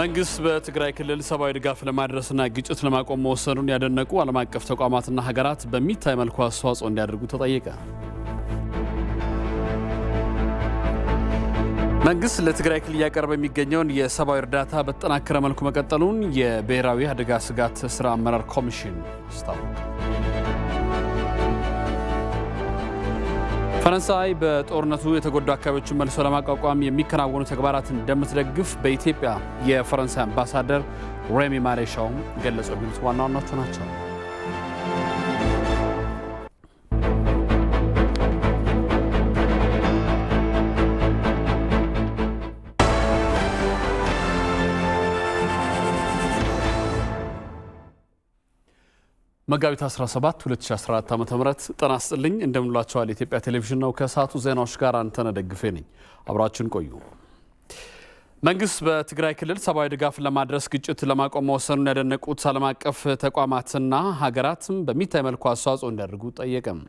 መንግስት በትግራይ ክልል ሰብአዊ ድጋፍ ለማድረስና ግጭት ለማቆም መወሰኑን ያደነቁ ዓለም አቀፍ ተቋማትና ሀገራት በሚታይ መልኩ አስተዋጽኦ እንዲያደርጉ ተጠየቀ። መንግስት ለትግራይ ክልል እያቀረበ የሚገኘውን የሰብአዊ እርዳታ በተጠናከረ መልኩ መቀጠሉን የብሔራዊ አደጋ ስጋት ስራ አመራር ኮሚሽን አስታወቀ። ፈረንሳይ በጦርነቱ የተጎዱ አካባቢዎችን መልሶ ለማቋቋም የሚከናወኑ ተግባራትን እንደምትደግፍ በኢትዮጵያ የፈረንሳይ አምባሳደር ሬሚ ማሌሻውም ገለጹ። የሚሉት ዋና ዋናዎቹ ናቸው። መጋቢት 17 2014 ዓ.ም ጤና ይስጥልኝ። እንደምንላቸዋል የኢትዮጵያ ቴሌቪዥን ነው። ከሰዓቱ ዜናዎች ጋር አንተነህ ደግፌ ነኝ። አብራችን ቆዩ። መንግስት በትግራይ ክልል ሰብአዊ ድጋፍ ለማድረስ ግጭት ለማቆም መወሰኑን ያደነቁት ዓለም አቀፍ ተቋማትና ሀገራትም በሚታይ መልኩ አስተዋጽኦ እንዲያደርጉ ጠየቀም።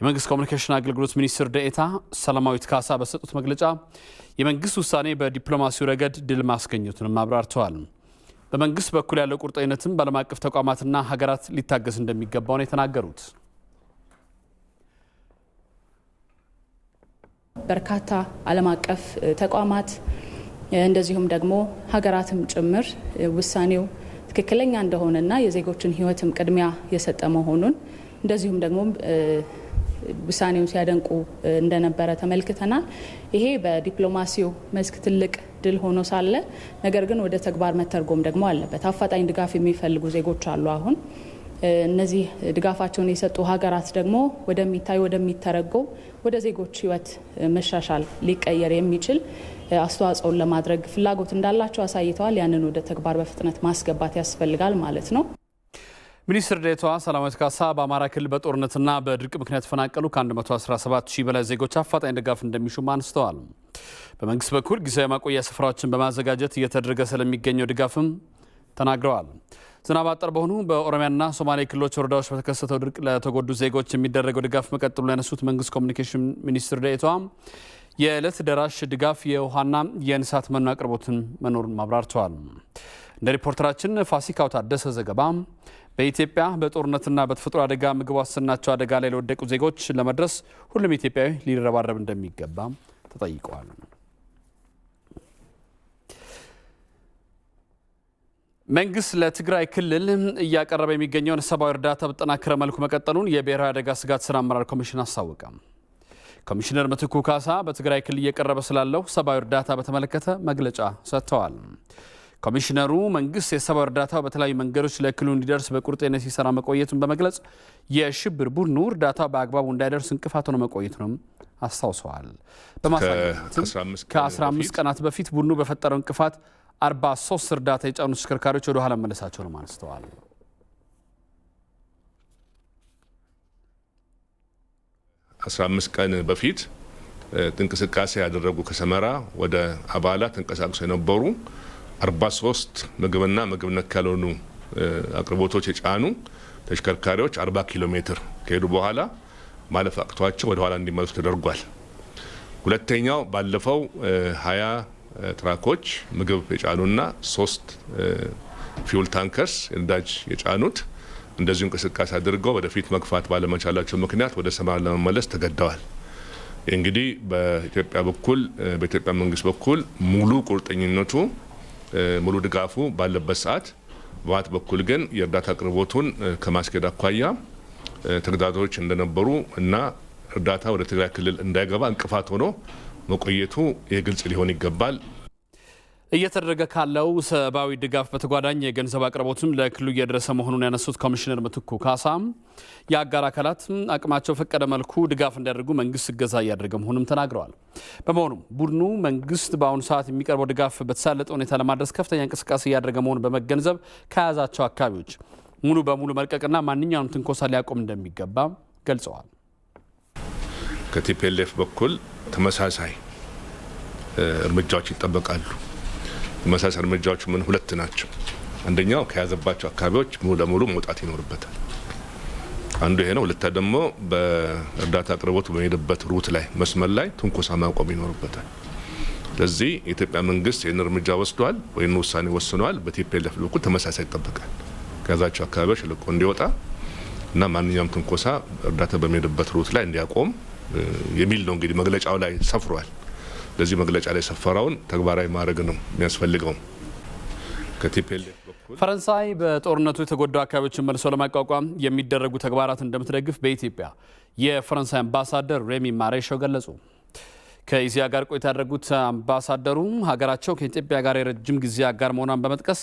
የመንግስት ኮሚኒኬሽን አገልግሎት ሚኒስትር ደኤታ ሰላማዊት ካሳ በሰጡት መግለጫ የመንግስት ውሳኔ በዲፕሎማሲው ረገድ ድል ማስገኘቱንም አብራርተዋል። በመንግስት በኩል ያለው ቁርጠኝነትም በዓለም አቀፍ ተቋማትና ሀገራት ሊታገስ እንደሚገባው ነው የተናገሩት። በርካታ ዓለም አቀፍ ተቋማት እንደዚሁም ደግሞ ሀገራትም ጭምር ውሳኔው ትክክለኛ እንደሆነና የዜጎችን ሕይወትም ቅድሚያ የሰጠ መሆኑን እንደዚሁም ደግሞ ውሳኔውን ሲያደንቁ እንደነበረ ተመልክተናል። ይሄ በዲፕሎማሲው መስክ ትልቅ እድል ሆኖ ሳለ ነገር ግን ወደ ተግባር መተርጎም ደግሞ አለበት። አፋጣኝ ድጋፍ የሚፈልጉ ዜጎች አሉ አሁን እነዚህ ድጋፋቸውን የሰጡ ሀገራት ደግሞ ወደሚታይ ወደሚተረጎም ወደ ዜጎች ህይወት መሻሻል ሊቀየር የሚችል አስተዋጽኦን ለማድረግ ፍላጎት እንዳላቸው አሳይተዋል። ያንን ወደ ተግባር በፍጥነት ማስገባት ያስፈልጋል ማለት ነው። ሚኒስትር ዴቷ ሰላማዊት ካሳ በአማራ ክልል በጦርነትና በድርቅ ምክንያት የተፈናቀሉ ከ117 ሺህ በላይ ዜጎች አፋጣኝ ድጋፍ እንደሚሹም አንስተዋል። በመንግስት በኩል ጊዜያዊ ማቆያ ስፍራዎችን በማዘጋጀት እየተደረገ ስለሚገኘው ድጋፍም ተናግረዋል። ዝናብ አጠር በሆኑ በኦሮሚያና ሶማሌ ክልሎች ወረዳዎች በተከሰተው ድርቅ ለተጎዱ ዜጎች የሚደረገው ድጋፍ መቀጠሉን ያነሱት መንግስት ኮሚኒኬሽን ሚኒስትር ዴኤታዋ የዕለት ደራሽ ድጋፍ የውሃና የእንስሳት መኖ አቅርቦትን መኖሩን ማብራርተዋል። እንደ ሪፖርተራችን ፋሲካው ታደሰ ዘገባ በኢትዮጵያ በጦርነትና በተፈጥሮ አደጋ ምግብ ዋስትናቸው አደጋ ላይ ለወደቁ ዜጎች ለመድረስ ሁሉም ኢትዮጵያዊ ሊረባረብ እንደሚገባ ተጠይቀዋል። መንግስት ለትግራይ ክልል እያቀረበ የሚገኘውን ሰብአዊ እርዳታ በጠናከረ መልኩ መቀጠሉን የብሔራዊ አደጋ ስጋት ስራ አመራር ኮሚሽን አስታወቀ። ኮሚሽነር ምትኩ ካሳ በትግራይ ክልል እየቀረበ ስላለው ሰብአዊ እርዳታ በተመለከተ መግለጫ ሰጥተዋል። ኮሚሽነሩ መንግስት የሰብአዊ እርዳታው በተለያዩ መንገዶች ለክልሉ እንዲደርስ በቁርጠኝነት ሲሰራ መቆየቱን በመግለጽ የሽብር ቡድኑ እርዳታ በአግባቡ እንዳይደርስ እንቅፋት ሆኖ መቆየቱንም አስታውሰዋል። ከ15 ቀናት በፊት ቡድኑ በፈጠረው እንቅፋት 43 እርዳታ የጫኑ ተሽከርካሪዎች ወደ ኋላ መመለሳቸውንም አንስተዋል። አስራ አምስት ቀን በፊት እንቅስቃሴ ያደረጉ ከሰመራ ወደ አባላ ተንቀሳቅሶ የነበሩ ሶስት ምግብና ምግብ ነክ ያልሆኑ አቅርቦቶች የጫኑ ተሽከርካሪዎች አርባ ኪሎ ሜትር ከሄዱ በኋላ ማለፍ አቅቷቸው ወደ ኋላ እንዲመለሱ ተደርጓል። ሁለተኛው ባለፈው ሀያ ትራኮች ምግብ የጫኑና ሶስት ፊውል ታንከርስ የነዳጅ የጫኑት እንደዚሁ እንቅስቃሴ አድርገው ወደፊት መግፋት ባለመቻላቸው ምክንያት ወደ ሰማራ ለመመለስ ተገደዋል። እንግዲህ በኢትዮጵያ በኩል በኢትዮጵያ መንግስት በኩል ሙሉ ቁርጠኝነቱ ሙሉ ድጋፉ ባለበት ሰዓት በዋት በኩል ግን የእርዳታ አቅርቦቱን ከማስኬድ አኳያ ተግዳሮቶች እንደነበሩ እና እርዳታ ወደ ትግራይ ክልል እንዳይገባ እንቅፋት ሆኖ መቆየቱ የግልጽ ሊሆን ይገባል። እየተደረገ ካለው ሰብአዊ ድጋፍ በተጓዳኝ የገንዘብ አቅርቦትም ለክልሉ እየደረሰ መሆኑን ያነሱት ኮሚሽነር ምትኩ ካሳም የአጋር አካላት አቅማቸው ፈቀደ መልኩ ድጋፍ እንዲያደርጉ መንግስት እገዛ እያደረገ መሆኑም ተናግረዋል። በመሆኑም ቡድኑ መንግስት በአሁኑ ሰዓት የሚቀርበው ድጋፍ በተሳለጠ ሁኔታ ለማድረስ ከፍተኛ እንቅስቃሴ እያደረገ መሆኑን በመገንዘብ ከያዛቸው አካባቢዎች ሙሉ በሙሉ መልቀቅና ማንኛውም ትንኮሳ ሊያቆም እንደሚገባ ገልጸዋል። ከቲፒኤልኤፍ በኩል ተመሳሳይ እርምጃዎች ይጠበቃሉ። ተመሳሳይ እርምጃዎቹ ምን ሁለት ናቸው። አንደኛው ከያዘባቸው አካባቢዎች ሙሉ ለሙሉ መውጣት ይኖርበታል። አንዱ ይሄ ነው። ሁለታ ደግሞ በእርዳታ አቅርቦት በሚሄድበት ሩት ላይ መስመር ላይ ትንኮሳ ማቆም ይኖርበታል። ስለዚህ የኢትዮጵያ መንግስት ይህን እርምጃ ወስዷል ወይም ውሳኔ ወስኗል። በቲፒኤልኤፍ በኩል ተመሳሳይ ይጠበቃል። ከያዛቸው አካባቢዎች ለቆ እንዲወጣ እና ማንኛውም ትንኮሳ እርዳታ በሚሄድበት ሩት ላይ እንዲያቆም የሚል ነው። እንግዲህ መግለጫው ላይ ሰፍሯል። ለዚህ መግለጫ ላይ ሰፈራውን ተግባራዊ ማድረግ ነው የሚያስፈልገው። ፈረንሳይ በጦርነቱ የተጎዱ አካባቢዎችን መልሶ ለማቋቋም የሚደረጉ ተግባራት እንደምትደግፍ በኢትዮጵያ የፈረንሳይ አምባሳደር ሬሚ ማሬሾ ገለጹ። ከኢዚያ ጋር ቆይታ ያደረጉት አምባሳደሩ ሀገራቸው ከኢትዮጵያ ጋር የረጅም ጊዜ አጋር መሆኗን በመጥቀስ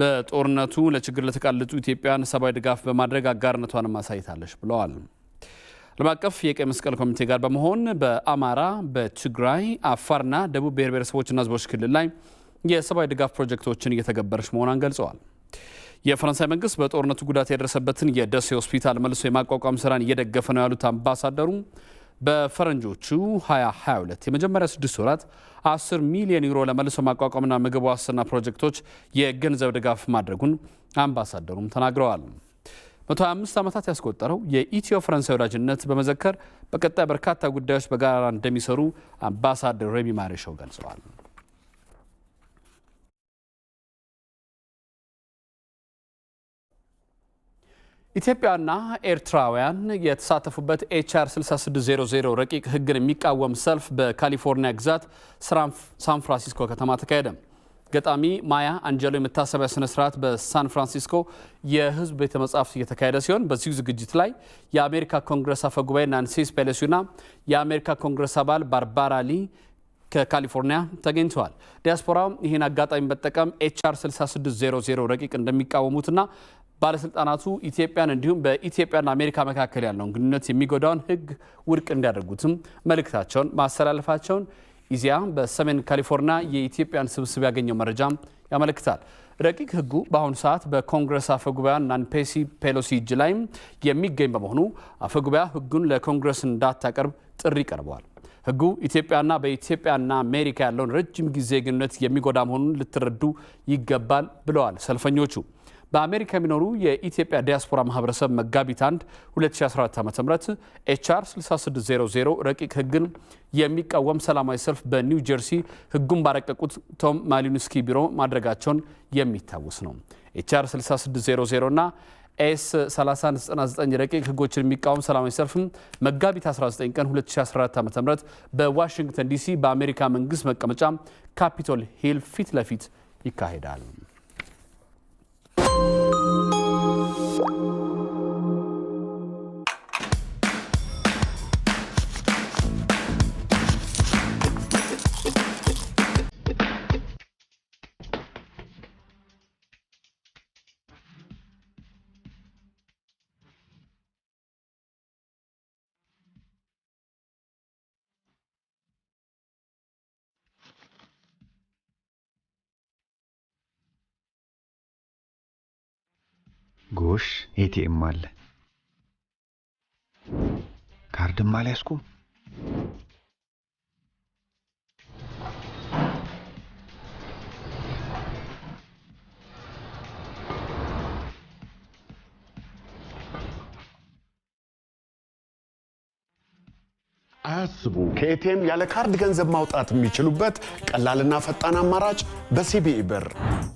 በጦርነቱ ለችግር ለተጋለጡ ኢትዮጵያን ሰብአዊ ድጋፍ በማድረግ አጋርነቷን ማሳይታለች ብለዋል። ዓለም አቀፍ የቀይ መስቀል ኮሚቴ ጋር በመሆን በአማራ፣ በትግራይ፣ አፋርና ደቡብ ብሔር ብሔረሰቦችና ሕዝቦች ክልል ላይ የሰብአዊ ድጋፍ ፕሮጀክቶችን እየተገበረች መሆኗን ገልጸዋል። የፈረንሳይ መንግስት በጦርነቱ ጉዳት የደረሰበትን የደሴ ሆስፒታል መልሶ የማቋቋም ስራን እየደገፈ ነው ያሉት አምባሳደሩ በፈረንጆቹ 2022 የመጀመሪያ ስድስት ወራት 10 ሚሊዮን ዩሮ ለመልሶ ማቋቋምና ምግብ ዋስትና ፕሮጀክቶች የገንዘብ ድጋፍ ማድረጉን አምባሳደሩም ተናግረዋል። 125 ዓመታት ያስቆጠረው የኢትዮ ፈረንሳይ ወዳጅነት በመዘከር በቀጣይ በርካታ ጉዳዮች በጋራ እንደሚሰሩ አምባሳደር ሬሚ ማሬሻው ገልጸዋል። ኢትዮጵያና ኤርትራውያን የተሳተፉበት ኤችአር 6600 ረቂቅ ህግን የሚቃወም ሰልፍ በካሊፎርኒያ ግዛት ሳን ፍራንሲስኮ ከተማ ተካሄደ። ገጣሚ ማያ አንጀሎ የመታሰቢያ ስነ ስርዓት በሳን ፍራንሲስኮ የህዝብ ቤተ መጻሕፍት እየተካሄደ ሲሆን በዚሁ ዝግጅት ላይ የአሜሪካ ኮንግረስ አፈ ጉባኤ ናንሲስ ፔሎሲና የአሜሪካ ኮንግረስ አባል ባርባራ ሊ ከካሊፎርኒያ ተገኝተዋል። ዲያስፖራው ይህን አጋጣሚ በመጠቀም ኤችአር 6600 ረቂቅ እንደሚቃወሙትና ባለስልጣናቱ ኢትዮጵያን እንዲሁም በኢትዮጵያና አሜሪካ መካከል ያለውን ግንኙነት የሚጎዳውን ሕግ ውድቅ እንዲያደርጉትም መልእክታቸውን ማስተላለፋቸውን ኢዚያ በሰሜን ካሊፎርኒያ የኢትዮጵያን ስብስብ ያገኘው መረጃ ያመለክታል። ረቂቅ ሕጉ በአሁኑ ሰዓት በኮንግረስ አፈጉባኤ ናንፔሲ ፔሎሲ እጅ ላይም የሚገኝ በመሆኑ አፈጉባኤ ሕጉን ለኮንግረስ እንዳታቀርብ ጥሪ ቀርበዋል። ሕጉ ኢትዮጵያና በኢትዮጵያና አሜሪካ ያለውን ረጅም ጊዜ ግንኙነት የሚጎዳ መሆኑን ልትረዱ ይገባል ብለዋል ሰልፈኞቹ። በአሜሪካ የሚኖሩ የኢትዮጵያ ዲያስፖራ ማህበረሰብ መጋቢት 1 2014 ዓ ም ኤችአር 6600 ረቂቅ ህግን የሚቃወም ሰላማዊ ሰልፍ በኒው ጀርሲ ህጉን ባረቀቁት ቶም ማሊኑስኪ ቢሮ ማድረጋቸውን የሚታወስ ነው። ኤችአር 6600 እና ኤስ 3199 ረቂቅ ህጎችን የሚቃወም ሰላማዊ ሰልፍም መጋቢት 19 ቀን 2014 ዓ ም በዋሽንግተን ዲሲ በአሜሪካ መንግስት መቀመጫ ካፒቶል ሂል ፊት ለፊት ይካሄዳል። you ኪሮሽ ኤቲኤም አለ። ካርድም አልያዝኩም። ያስቡ። ከኤቲኤም ያለ ካርድ ገንዘብ ማውጣት የሚችሉበት ቀላልና ፈጣን አማራጭ በሲቢኢ ብር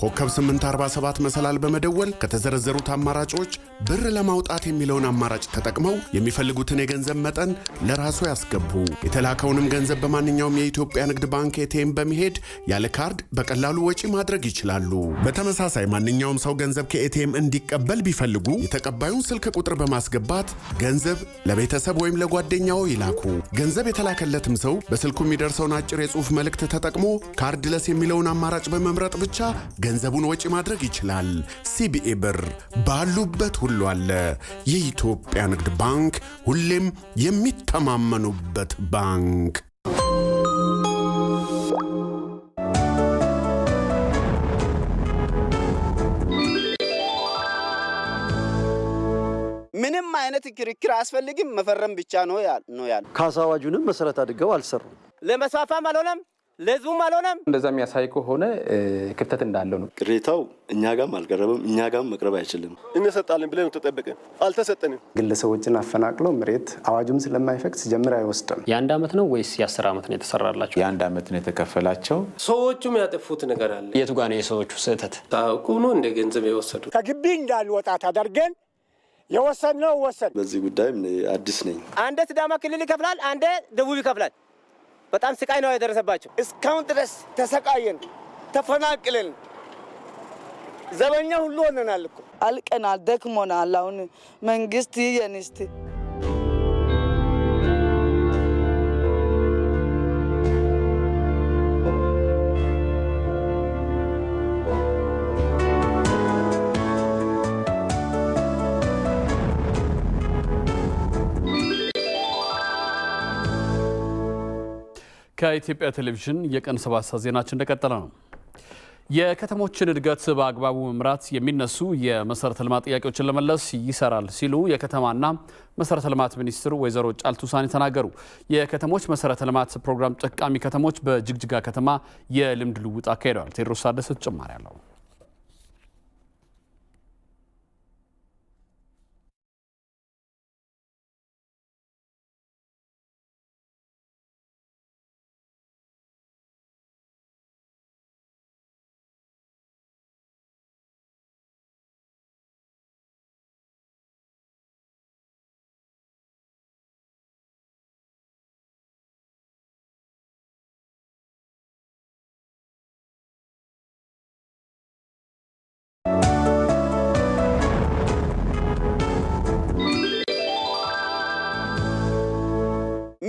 ኮከብ 847 መሰላል በመደወል ከተዘረዘሩት አማራጮች ብር ለማውጣት የሚለውን አማራጭ ተጠቅመው የሚፈልጉትን የገንዘብ መጠን ለራሱ ያስገቡ። የተላከውንም ገንዘብ በማንኛውም የኢትዮጵያ ንግድ ባንክ ኤቲኤም በመሄድ ያለ ካርድ በቀላሉ ወጪ ማድረግ ይችላሉ። በተመሳሳይ ማንኛውም ሰው ገንዘብ ከኤቲኤም እንዲቀበል ቢፈልጉ የተቀባዩን ስልክ ቁጥር በማስገባት ገንዘብ ለቤተሰብ ወይም ለጓደኛው ይላኩ። ገንዘብ የተላከለትም ሰው በስልኩ የሚደርሰውን አጭር የጽሑፍ መልእክት ተጠቅሞ ካርድለስ የሚለውን አማራጭ በመምረጥ ብቻ ገንዘቡን ወጪ ማድረግ ይችላል። ሲቢኢ ብር ባሉበት ሁሉ አለ። የኢትዮጵያ ንግድ ባንክ ሁሌም የሚተማመኑበት ባንክ አይነት ክርክር አያስፈልግም፣ መፈረም ብቻ ነው ያሉ ካሳ አዋጁንም መሰረት አድርገው አልሰሩም። ለመስፋፋም አልሆነም፣ ለህዝቡም አልሆነም። እንደዛ የሚያሳይ ከሆነ ክፍተት እንዳለው ነው ቅሬታው። እኛ ጋም አልቀረበም፣ እኛ ጋም መቅረብ አይችልም። እንሰጣለን ብለን ተጠበቅን፣ አልተሰጠንም። ግለሰቦችን አፈናቅለው መሬት አዋጁም ስለማይፈቅድ ሲጀምር አይወስድም። የአንድ አመት ነው ወይስ የአስር ዓመት ነው የተሰራላቸው? የአንድ ዓመት ነው የተከፈላቸው። ሰዎቹም ያጠፉት ነገር አለ። የቱ ጋ ነው የሰዎቹ ስህተት? ታውቁ ነው እንደ ገንዘብ የወሰዱ ከግቢ እንዳልወጣ ታደርገን የወሰን ነው ወሰን። በዚህ ጉዳይም አዲስ ነኝ። አንዴ ሲዳማ ክልል ይከፍላል፣ አንዴ ደቡብ ይከፍላል። በጣም ስቃይ ነው የደረሰባቸው። እስካሁን ድረስ ተሰቃየን፣ ተፈናቅለን ዘበኛ ሁሉ ሆነናል እኮ አልቀናል፣ ደክሞናል። አሁን መንግስት ይየን ከኢትዮጵያ ቴሌቪዥን የቀን ሰባት ሰዓት ዜናችን እንደቀጠለ ነው። የከተሞችን እድገት በአግባቡ መምራት የሚነሱ የመሰረተ ልማት ጥያቄዎችን ለመለስ ይሰራል ሲሉ የከተማና መሰረተ ልማት ሚኒስትሩ ወይዘሮ ጫልቱ ሳኒ ተናገሩ። የከተሞች መሰረተ ልማት ፕሮግራም ጠቃሚ ከተሞች በጅግጅጋ ከተማ የልምድ ልውውጥ አካሂደዋል። ቴድሮስ ታደሰ ተጨማሪ አለው።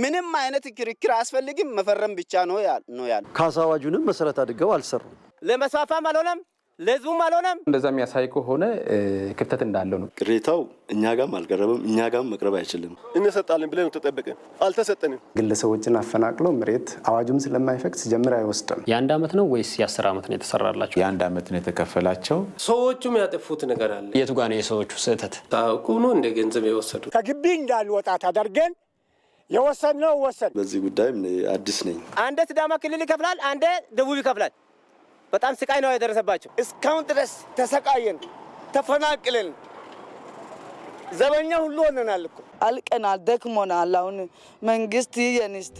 ምንም አይነት ክርክር አያስፈልግም፣ መፈረም ብቻ ነው ያሉ። ካሳ አዋጁንም መሰረት አድርገው አልሰሩም። ለመስፋፋም አልሆነም፣ ለህዝቡም አልሆነም። እንደዛ የሚያሳይ ከሆነ ክፍተት እንዳለው ነው። ቅሬታው እኛ ጋም አልቀረበም፣ እኛ ጋም መቅረብ አይችልም። እንሰጣለን ብለን ተጠበቀ አልተሰጠንም። ግለሰቦችን አፈናቅለው መሬት አዋጁም ስለማይፈቅድ ሲጀምር አይወስድም። የአንድ ዓመት ነው ወይስ የአስር ዓመት ነው የተሰራላቸው? የአንድ ዓመት ነው የተከፈላቸው። ሰዎቹም ያጠፉት ነገር አለ። የቱ ጋ ነው የሰዎቹ ስህተት? ታውቁ ነው እንደ ገንዘብ የወሰዱ ከግቢ እንዳልወጣ ተደርገን የወሰን ነው ወሰን። በዚህ ጉዳይም አዲስ ነኝ። አንደ ስዳማ ክልል ይከፍላል፣ አንደ ደቡብ ይከፍላል። በጣም ስቃይ ነው የደረሰባቸው። እስካሁን ድረስ ተሰቃየን፣ ተፈናቅለን፣ ዘበኛ ሁሉ ሆነናል እኮ አልቀናል፣ ደክሞናል። አሁን መንግስት የንስት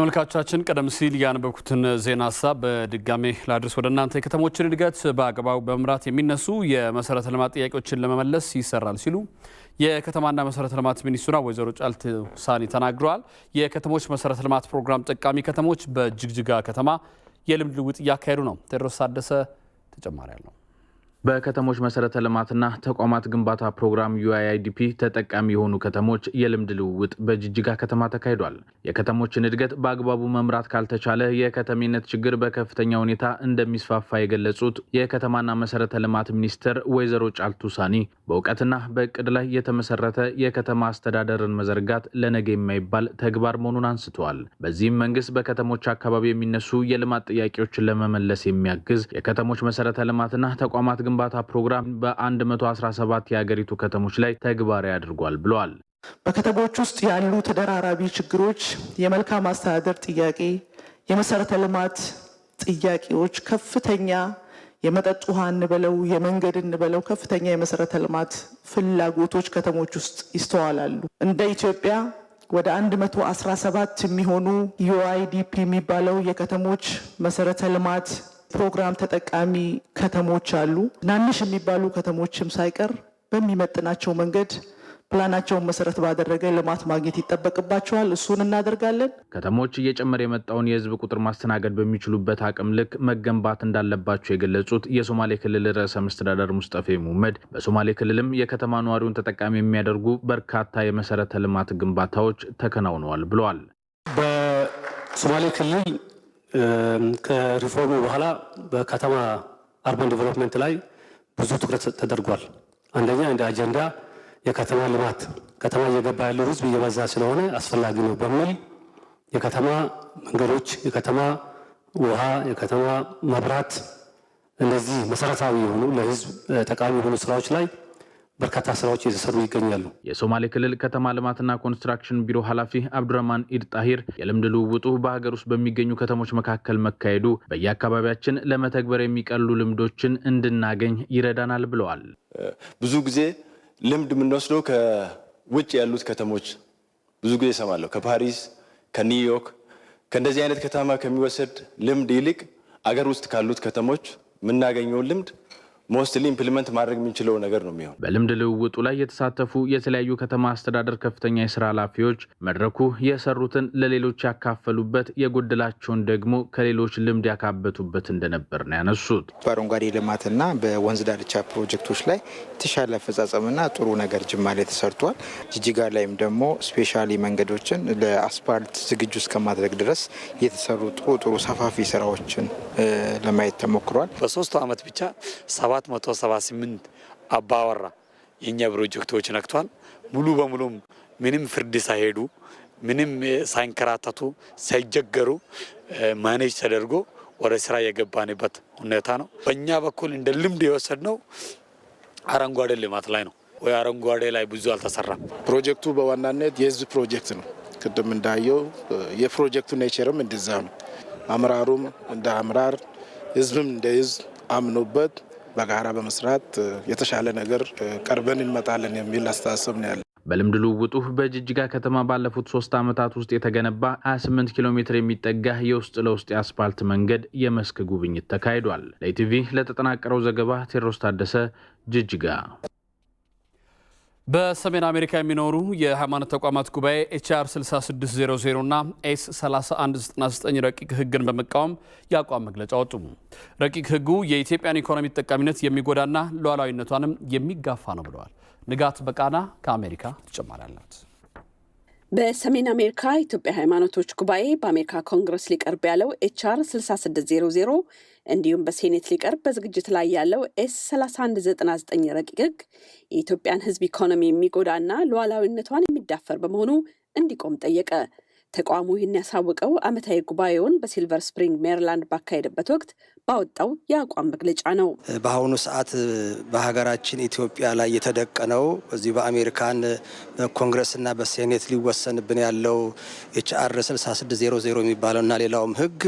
ተመልካቾቻችን ቀደም ሲል ያነበብኩትን ዜና ሀሳብ በድጋሜ ላድርስ ወደ እናንተ። የከተሞችን እድገት በአግባቡ በመምራት የሚነሱ የመሰረተ ልማት ጥያቄዎችን ለመመለስ ይሰራል ሲሉ የከተማና መሰረተ ልማት ሚኒስትሯ ወይዘሮ ጫልት ሳኒ ተናግረዋል። የከተሞች መሰረተ ልማት ፕሮግራም ጠቃሚ ከተሞች በጅግጅጋ ከተማ የልምድ ልውውጥ እያካሄዱ ነው። ቴድሮስ ታደሰ ተጨማሪ ያለው በከተሞች መሰረተ ልማትና ተቋማት ግንባታ ፕሮግራም ዩአይአይዲፒ ተጠቃሚ የሆኑ ከተሞች የልምድ ልውውጥ በጅጅጋ ከተማ ተካሂዷል። የከተሞችን እድገት በአግባቡ መምራት ካልተቻለ የከተሜነት ችግር በከፍተኛ ሁኔታ እንደሚስፋፋ የገለጹት የከተማና መሰረተ ልማት ሚኒስትር ወይዘሮ ጫልቱ ሳኒ በእውቀትና በእቅድ ላይ የተመሰረተ የከተማ አስተዳደርን መዘርጋት ለነገ የማይባል ተግባር መሆኑን አንስተዋል። በዚህም መንግስት በከተሞች አካባቢ የሚነሱ የልማት ጥያቄዎችን ለመመለስ የሚያግዝ የከተሞች መሰረተ ልማትና ተቋማት ግንባታ ፕሮግራም በ117 የሀገሪቱ ከተሞች ላይ ተግባራዊ አድርጓል ብለዋል። በከተሞች ውስጥ ያሉ ተደራራቢ ችግሮች፣ የመልካም አስተዳደር ጥያቄ፣ የመሰረተ ልማት ጥያቄዎች፣ ከፍተኛ የመጠጥ ውሃ እንበለው የመንገድ እንበለው ከፍተኛ የመሰረተ ልማት ፍላጎቶች ከተሞች ውስጥ ይስተዋላሉ። እንደ ኢትዮጵያ ወደ 117 የሚሆኑ ዩአይዲፒ የሚባለው የከተሞች መሰረተ ልማት ፕሮግራም ተጠቃሚ ከተሞች አሉ። ትናንሽ የሚባሉ ከተሞችም ሳይቀር በሚመጥናቸው መንገድ ፕላናቸውን መሰረት ባደረገ ልማት ማግኘት ይጠበቅባቸዋል። እሱን እናደርጋለን። ከተሞች እየጨመረ የመጣውን የህዝብ ቁጥር ማስተናገድ በሚችሉበት አቅም ልክ መገንባት እንዳለባቸው የገለጹት የሶማሌ ክልል ርዕሰ መስተዳደር ሙስጠፌ ሙመድ በሶማሌ ክልልም የከተማ ነዋሪውን ተጠቃሚ የሚያደርጉ በርካታ የመሰረተ ልማት ግንባታዎች ተከናውነዋል ብለዋል። በሶማሌ ክልል ከሪፎርሙ በኋላ በከተማ አርባን ዲቨሎፕመንት ላይ ብዙ ትኩረት ተደርጓል። አንደኛ እንደ አጀንዳ የከተማ ልማት ከተማ እየገባ ያለው ህዝብ እየበዛ ስለሆነ አስፈላጊ ነው በሚል የከተማ መንገዶች፣ የከተማ ውሃ፣ የከተማ መብራት፣ እነዚህ መሰረታዊ የሆኑ ለህዝብ ጠቃሚ የሆኑ ስራዎች ላይ በርካታ ስራዎች እየተሰሩ ይገኛሉ። የሶማሌ ክልል ከተማ ልማትና ኮንስትራክሽን ቢሮ ኃላፊ አብዱረማን ኢድ ጣሂር የልምድ ልውውጡ በሀገር ውስጥ በሚገኙ ከተሞች መካከል መካሄዱ በየአካባቢያችን ለመተግበር የሚቀሉ ልምዶችን እንድናገኝ ይረዳናል ብለዋል። ብዙ ጊዜ ልምድ የምንወስደው ከውጭ ያሉት ከተሞች ብዙ ጊዜ ይሰማለሁ። ከፓሪስ፣ ከኒውዮርክ ከእንደዚህ አይነት ከተማ ከሚወሰድ ልምድ ይልቅ አገር ውስጥ ካሉት ከተሞች የምናገኘውን ልምድ ሞስትሊ ኢምፕሊመንት ማድረግ የምንችለው ነገር ነው የሚሆን። በልምድ ልውውጡ ላይ የተሳተፉ የተለያዩ ከተማ አስተዳደር ከፍተኛ የስራ ኃላፊዎች መድረኩ የሰሩትን ለሌሎች ያካፈሉበት፣ የጎደላቸውን ደግሞ ከሌሎች ልምድ ያካበቱበት እንደነበር ነው ያነሱት። በአረንጓዴ ልማትና በወንዝ ዳርቻ ፕሮጀክቶች ላይ የተሻለ አፈጻጸምና ጥሩ ነገር ጅማ ላይ ተሰርቷል። ጅጅጋ ላይም ደግሞ ስፔሻሊ መንገዶችን ለአስፓልት ዝግጁ እስከማድረግ ድረስ የተሰሩ ጥሩ ጥሩ ሰፋፊ ስራዎችን ለማየት ተሞክሯል። በሶስቱ ዓመት ብቻ ሰባት 778 አባወራ የእኛ ፕሮጀክቶች ነክቷል። ሙሉ በሙሉም ምንም ፍርድ ሳይሄዱ ምንም ሳይንከራተቱ ሳይጀገሩ ማኔጅ ተደርጎ ወደ ስራ የገባንበት ሁኔታ ነው። በእኛ በኩል እንደ ልምድ ነው አረንጓዴ ልማት ላይ ነው። ወይ አረንጓዴ ላይ ብዙ አልተሰራም። ፕሮጀክቱ በዋናነት የህዝብ ፕሮጀክት ነው። ቅድም እንዳየው የፕሮጀክቱ ኔቸርም እንደዛ ነው። አመራሩም እንደ አመራር ህዝብም እንደ ህዝብ አምኖበት በጋራ በመስራት የተሻለ ነገር ቀርበን እንመጣለን የሚል አስተሳሰብ ነው ያለ። በልምድ ልውውጡ በጅጅጋ ከተማ ባለፉት ሶስት ዓመታት ውስጥ የተገነባ 28 ኪሎ ሜትር የሚጠጋ የውስጥ ለውስጥ የአስፓልት መንገድ የመስክ ጉብኝት ተካሂዷል። ለኢቲቪ ለተጠናቀረው ዘገባ ቴዎድሮስ ታደሰ ጅጅጋ በሰሜን አሜሪካ የሚኖሩ የሃይማኖት ተቋማት ጉባኤ ኤችአር 6600 ና ኤስ 3199 ረቂቅ ህግን በመቃወም የአቋም መግለጫ ወጡ። ረቂቅ ህጉ የኢትዮጵያን ኢኮኖሚ ተጠቃሚነት የሚጎዳና ሉዓላዊነቷንም የሚጋፋ ነው ብለዋል። ንጋት በቃና ከአሜሪካ ትጨማሪ አላት። በሰሜን አሜሪካ ኢትዮጵያ ሃይማኖቶች ጉባኤ በአሜሪካ ኮንግረስ ሊቀርብ ያለው ኤችአር 6600 እንዲሁም በሴኔት ሊቀርብ በዝግጅት ላይ ያለው ኤስ 3199 ረቂቅ የኢትዮጵያን ህዝብ ኢኮኖሚ የሚጎዳና ሉዓላዊነቷን የሚዳፈር በመሆኑ እንዲቆም ጠየቀ። ተቋሙ ይህን ያሳወቀው ዓመታዊ ጉባኤውን በሲልቨር ስፕሪንግ ሜሪላንድ ባካሄደበት ወቅት ባወጣው የአቋም መግለጫ ነው። በአሁኑ ሰዓት በሀገራችን ኢትዮጵያ ላይ የተደቀነው በዚህ በአሜሪካን በኮንግረስና በሴኔት ሊወሰንብን ያለው ኤች 6600 የሚባለውና ሌላውም ህግ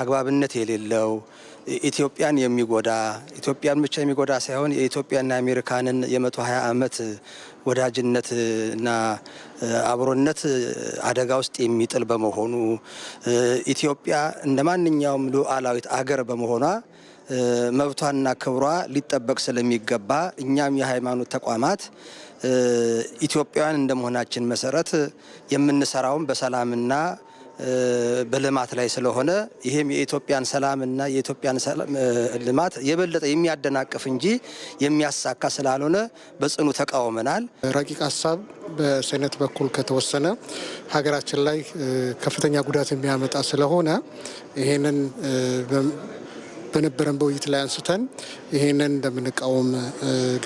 አግባብነት የሌለው ኢትዮጵያን የሚጎዳ ኢትዮጵያን ብቻ የሚጎዳ ሳይሆን የኢትዮጵያና የአሜሪካንን የ120 ዓመት ወዳጅነት እና አብሮነት አደጋ ውስጥ የሚጥል በመሆኑ ኢትዮጵያ እንደ ማንኛውም ሉዓላዊት አገር በመሆኗ መብቷና ክብሯ ሊጠበቅ ስለሚገባ እኛም የሃይማኖት ተቋማት ኢትዮጵያውያን እንደመሆናችን መሰረት የምንሰራውን በሰላምና በልማት ላይ ስለሆነ ይህም የኢትዮጵያን ሰላም እና የኢትዮጵያን ልማት የበለጠ የሚያደናቅፍ እንጂ የሚያሳካ ስላልሆነ በጽኑ ተቃውመናል። ረቂቅ ሀሳብ በሴኔት በኩል ከተወሰነ ሀገራችን ላይ ከፍተኛ ጉዳት የሚያመጣ ስለሆነ ይህንን በነበረን በውይይት ላይ አንስተን ይህንን እንደምንቃወም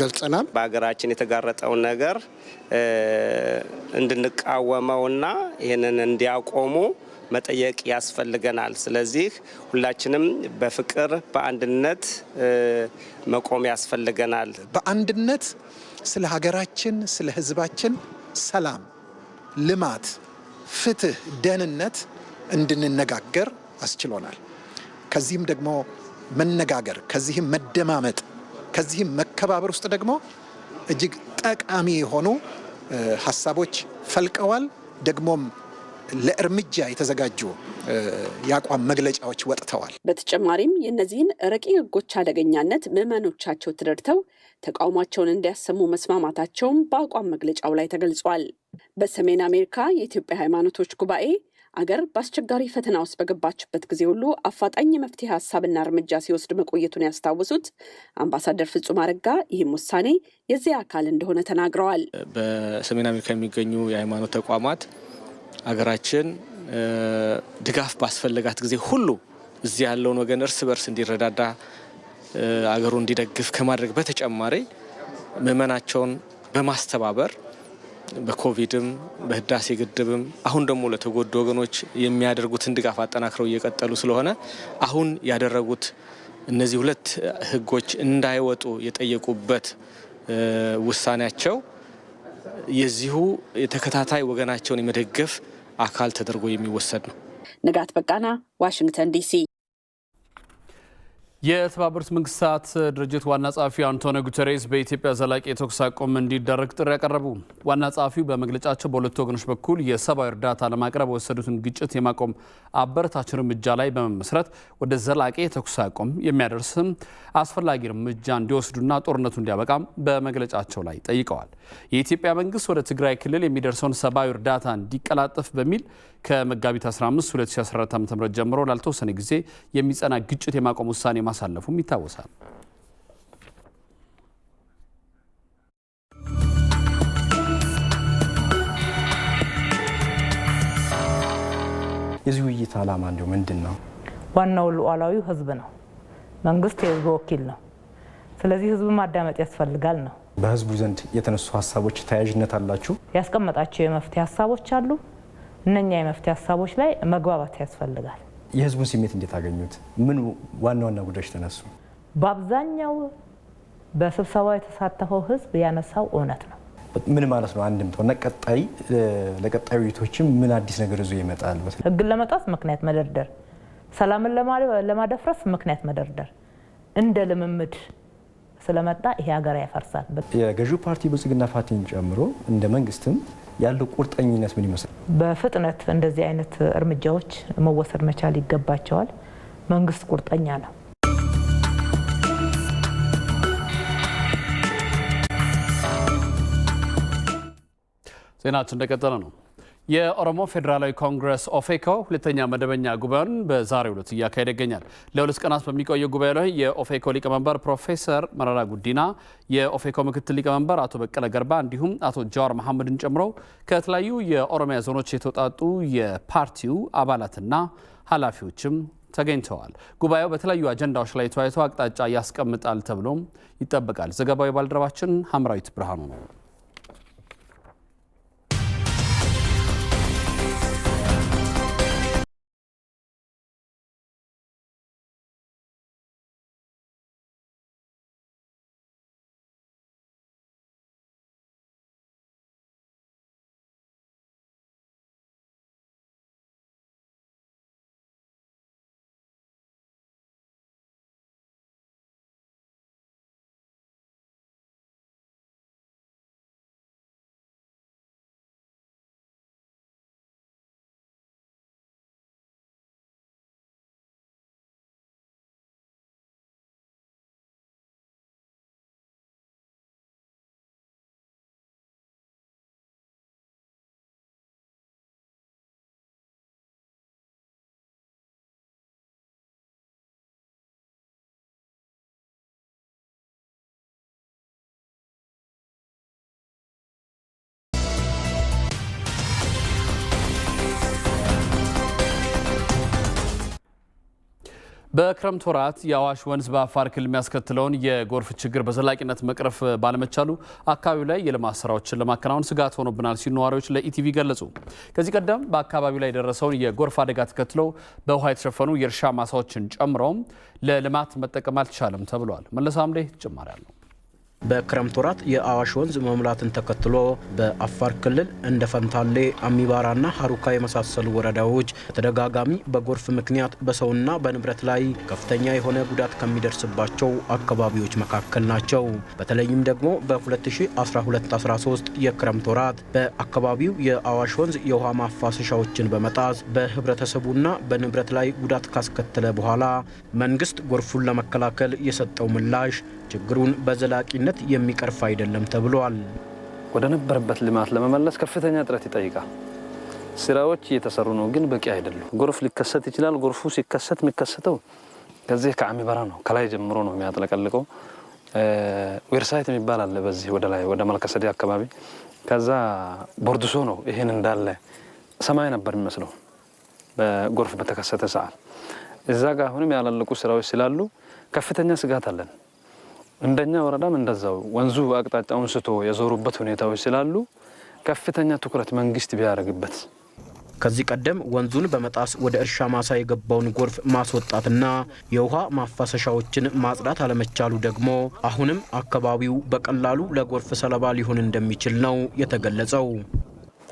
ገልጸናል። በሀገራችን የተጋረጠውን ነገር እንድንቃወመውና ይህንን እንዲያቆሙ መጠየቅ ያስፈልገናል። ስለዚህ ሁላችንም በፍቅር በአንድነት መቆም ያስፈልገናል። በአንድነት ስለ ሀገራችን፣ ስለ ሕዝባችን ሰላም፣ ልማት፣ ፍትህ፣ ደህንነት እንድንነጋገር አስችሎናል። ከዚህም ደግሞ መነጋገር ከዚህም መደማመጥ ከዚህም መከባበር ውስጥ ደግሞ እጅግ ጠቃሚ የሆኑ ሀሳቦች ፈልቀዋል። ደግሞም ለእርምጃ የተዘጋጁ የአቋም መግለጫዎች ወጥተዋል። በተጨማሪም የእነዚህን ረቂቅ ሕጎች አደገኛነት ምዕመኖቻቸው ተረድተው ተቃውሟቸውን እንዲያሰሙ መስማማታቸውም በአቋም መግለጫው ላይ ተገልጿል። በሰሜን አሜሪካ የኢትዮጵያ ሃይማኖቶች ጉባኤ አገር በአስቸጋሪ ፈተና ውስጥ በገባችበት ጊዜ ሁሉ አፋጣኝ መፍትሄ ሀሳብና እርምጃ ሲወስድ መቆየቱን ያስታወሱት አምባሳደር ፍጹም አረጋ ይህም ውሳኔ የዚያ አካል እንደሆነ ተናግረዋል። በሰሜን አሜሪካ የሚገኙ የሃይማኖት ተቋማት አገራችን ድጋፍ ባስፈለጋት ጊዜ ሁሉ እዚህ ያለውን ወገን እርስ በርስ እንዲረዳዳ አገሩ እንዲደግፍ ከማድረግ በተጨማሪ ምእመናቸውን በማስተባበር በኮቪድም በህዳሴ ግድብም አሁን ደግሞ ለተጎዱ ወገኖች የሚያደርጉትን ድጋፍ አጠናክረው እየቀጠሉ ስለሆነ አሁን ያደረጉት እነዚህ ሁለት ህጎች እንዳይወጡ የጠየቁበት ውሳኔያቸው የዚሁ የተከታታይ ወገናቸውን የመደገፍ አካል ተደርጎ የሚወሰድ ነው። ንጋት በቃና ዋሽንግተን ዲሲ የተባበሩት መንግስታት ድርጅት ዋና ጸሐፊ አንቶኒዮ ጉተሬስ በኢትዮጵያ ዘላቂ የተኩስ አቁም እንዲደረግ ጥሪ ያቀረቡ። ዋና ጸሐፊው በመግለጫቸው በሁለቱ ወገኖች በኩል የሰብአዊ እርዳታ ለማቅረብ የወሰዱትን ግጭት የማቆም አበረታች እርምጃ ላይ በመመስረት ወደ ዘላቂ የተኩስ አቁም የሚያደርስም አስፈላጊ እርምጃ እንዲወስዱና ጦርነቱ እንዲያበቃም በመግለጫቸው ላይ ጠይቀዋል። የኢትዮጵያ መንግስት ወደ ትግራይ ክልል የሚደርሰውን ሰብአዊ እርዳታ እንዲቀላጠፍ በሚል ከመጋቢት 15 2014 ም ጀምሮ ላልተወሰነ ጊዜ የሚጸና ግጭት የማቆም ውሳኔ ማሳለፉም ይታወሳል። የዚህ ውይይት ዓላማ እንዲሁ ምንድን ነው? ዋናው ሉዓላዊ ህዝብ ነው። መንግስት የህዝብ ወኪል ነው። ስለዚህ ህዝብ ማዳመጥ ያስፈልጋል ነው። በህዝቡ ዘንድ የተነሱ ሀሳቦች ተያያዥነት አላችሁ? ያስቀመጣቸው የመፍትሄ ሀሳቦች አሉ። እነኛ የመፍትሄ ሀሳቦች ላይ መግባባት ያስፈልጋል። የህዝቡን ስሜት እንዴት አገኙት? ምን ዋና ዋና ጉዳዮች ተነሱ? በአብዛኛው በስብሰባው የተሳተፈው ህዝብ ያነሳው እውነት ነው። ምን ማለት ነው? አንድም ተሆነ ቀጣይ ለቀጣይ ውይይቶችም ምን አዲስ ነገር ይዞ ይመጣል? ህግን ለመጣስ ምክንያት መደርደር፣ ሰላምን ለማደፍረስ ምክንያት መደርደር እንደ ልምምድ ስለመጣ ይሄ ሀገር ያፈርሳል። የገዢው ፓርቲ ብልጽግና ፓርቲን ጨምሮ እንደ መንግስትም ያለው ቁርጠኝነት ምን ይመስላል? በፍጥነት እንደዚህ አይነት እርምጃዎች መወሰድ መቻል ይገባቸዋል። መንግስት ቁርጠኛ ነው። ዜናችን እንደቀጠለ ነው። የኦሮሞ ፌዴራላዊ ኮንግረስ ኦፌኮ ሁለተኛ መደበኛ ጉባኤውን በዛሬው ዕለት እያካሄደ ይገኛል። ለሁለት ቀናት በሚቆየው ጉባኤ ላይ የኦፌኮ ሊቀመንበር ፕሮፌሰር መረራ ጉዲና፣ የኦፌኮ ምክትል ሊቀመንበር አቶ በቀለ ገርባ እንዲሁም አቶ ጃዋር መሐመድን ጨምሮ ከተለያዩ የኦሮሚያ ዞኖች የተውጣጡ የፓርቲው አባላትና ኃላፊዎችም ተገኝተዋል። ጉባኤው በተለያዩ አጀንዳዎች ላይ ተወያይቶ አቅጣጫ ያስቀምጣል ተብሎም ይጠበቃል። ዘገባዊ ባልደረባችን ሀምራዊት ብርሃኑ ነው። በክረምት ወራት የአዋሽ ወንዝ በአፋር ክልል የሚያስከትለውን የጎርፍ ችግር በዘላቂነት መቅረፍ ባለመቻሉ አካባቢው ላይ የልማት ስራዎችን ለማከናወን ስጋት ሆኖብናል ሲሉ ነዋሪዎች ለኢቲቪ ገለጹ። ከዚህ ቀደም በአካባቢው ላይ የደረሰውን የጎርፍ አደጋ ተከትለው በውሃ የተሸፈኑ የእርሻ ማሳዎችን ጨምረውም ለልማት መጠቀም አልቻለም ተብሏል። መለሳ አምዴ ጭማሪ አለው። በክረምት ወራት የአዋሽ ወንዝ መሙላትን ተከትሎ በአፋር ክልል እንደ ፈንታሌ፣ አሚባራና ሀሩካ የመሳሰሉ ወረዳዎች በተደጋጋሚ በጎርፍ ምክንያት በሰውና በንብረት ላይ ከፍተኛ የሆነ ጉዳት ከሚደርስባቸው አካባቢዎች መካከል ናቸው። በተለይም ደግሞ በ2012/13 የክረምት ወራት በአካባቢው የአዋሽ ወንዝ የውሃ ማፋሰሻዎችን በመጣስ በህብረተሰቡና በንብረት ላይ ጉዳት ካስከተለ በኋላ መንግስት ጎርፉን ለመከላከል የሰጠው ምላሽ ችግሩን በዘላቂነት የሚቀርፍ አይደለም ተብሏል። ወደ ነበረበት ልማት ለመመለስ ከፍተኛ ጥረት ይጠይቃል። ስራዎች እየተሰሩ ነው፣ ግን በቂ አይደሉም። ጎርፍ ሊከሰት ይችላል። ጎርፉ ሲከሰት የሚከሰተው ከዚህ ከአሚበራ ነው፣ ከላይ ጀምሮ ነው የሚያጥለቀልቀው። ዌርሳይት የሚባል አለ፣ በዚህ ወደ ላይ ወደ መልከሰዴ አካባቢ። ከዛ ቦርድሶ ነው ይህን እንዳለ ሰማይ ነበር የሚመስለው በጎርፍ በተከሰተ ሰዓት። እዛ ጋር አሁንም ያላለቁ ስራዎች ስላሉ ከፍተኛ ስጋት አለን። እንደኛ ወረዳም እንደዛው ወንዙ አቅጣጫውን ስቶ የዞሩበት ሁኔታዎች ስላሉ ከፍተኛ ትኩረት መንግስት ቢያደርግበት ከዚህ ቀደም ወንዙን በመጣስ ወደ እርሻ ማሳ የገባውን ጎርፍ ማስወጣትና የውሃ ማፋሰሻዎችን ማጽዳት አለመቻሉ ደግሞ አሁንም አካባቢው በቀላሉ ለጎርፍ ሰለባ ሊሆን እንደሚችል ነው የተገለጸው።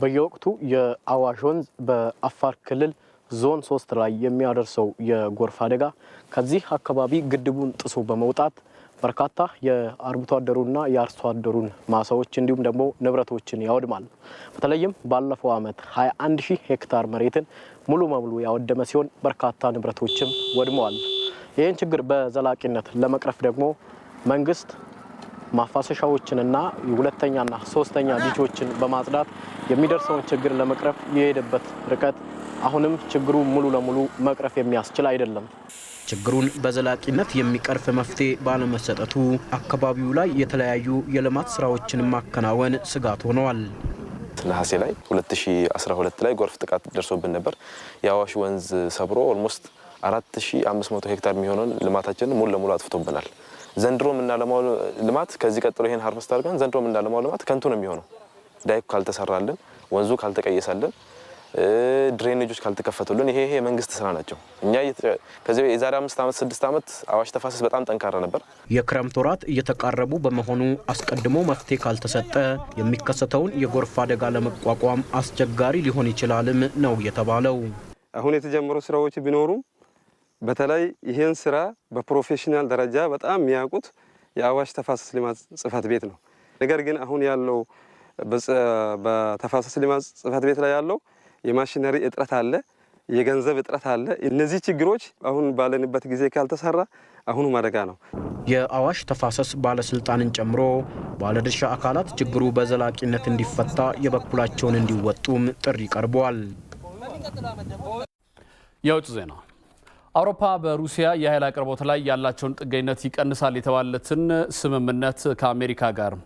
በየወቅቱ የአዋሽ ወንዝ በአፋር ክልል ዞን ሶስት ላይ የሚያደርሰው የጎርፍ አደጋ ከዚህ አካባቢ ግድቡን ጥሶ በመውጣት በርካታ የአርብቶ አደሩና የአርሶ አደሩን ማሳዎች እንዲሁም ደግሞ ንብረቶችን ያወድማል። በተለይም ባለፈው ዓመት 21 ሺህ ሄክታር መሬትን ሙሉ በሙሉ ያወደመ ሲሆን በርካታ ንብረቶችም ወድመዋል። ይህን ችግር በዘላቂነት ለመቅረፍ ደግሞ መንግስት ማፋሰሻዎችንና ሁለተኛና ሶስተኛ ልጆችን በማጽዳት የሚደርሰውን ችግር ለመቅረፍ የሄደበት ርቀት አሁንም ችግሩ ሙሉ ለሙሉ መቅረፍ የሚያስችል አይደለም። ችግሩን በዘላቂነት የሚቀርፍ መፍትሄ ባለመሰጠቱ አካባቢው ላይ የተለያዩ የልማት ስራዎችን ማከናወን ስጋት ሆነዋል። ነሐሴ ላይ 2012 ላይ ጎርፍ ጥቃት ደርሶብን ነበር። የአዋሽ ወንዝ ሰብሮ ኦልሞስት 4500 ሄክታር የሚሆነውን ልማታችንን ሙሉ ለሙሉ አጥፍቶብናል። ዘንድሮ የምናለማው ልማት ከዚህ ቀጥሎ ይሄን ሀርቨስት አድርገን ዘንድሮ የምናለማው ልማት ከንቱ ነው የሚሆነው ዳይኩ ካልተሰራልን፣ ወንዙ ካልተቀየሰልን ድሬኔጆች ካልተከፈቱልን ይሄ ይሄ የመንግስት ስራ ናቸው። እኛ ከዚህ የዛሬ አምስት ዓመት ስድስት ዓመት አዋሽ ተፋሰስ በጣም ጠንካራ ነበር። የክረምት ወራት እየተቃረቡ በመሆኑ አስቀድሞ መፍትሄ ካልተሰጠ የሚከሰተውን የጎርፍ አደጋ ለመቋቋም አስቸጋሪ ሊሆን ይችላልም ነው የተባለው። አሁን የተጀመሩ ስራዎች ቢኖሩም በተለይ ይህን ስራ በፕሮፌሽናል ደረጃ በጣም የሚያውቁት የአዋሽ ተፋሰስ ልማት ጽህፈት ቤት ነው። ነገር ግን አሁን ያለው በተፋሰስ ልማት ጽህፈት ቤት ላይ ያለው የማሽነሪ እጥረት አለ፣ የገንዘብ እጥረት አለ። እነዚህ ችግሮች አሁን ባለንበት ጊዜ ካልተሰራ አሁኑም አደጋ ነው። የአዋሽ ተፋሰስ ባለስልጣንን ጨምሮ ባለድርሻ አካላት ችግሩ በዘላቂነት እንዲፈታ የበኩላቸውን እንዲወጡም ጥሪ ቀርቧል። የውጭ ዜና አውሮፓ በሩሲያ የኃይል አቅርቦት ላይ ያላቸውን ጥገኝነት ይቀንሳል የተባለትን ስምምነት ከአሜሪካ ጋር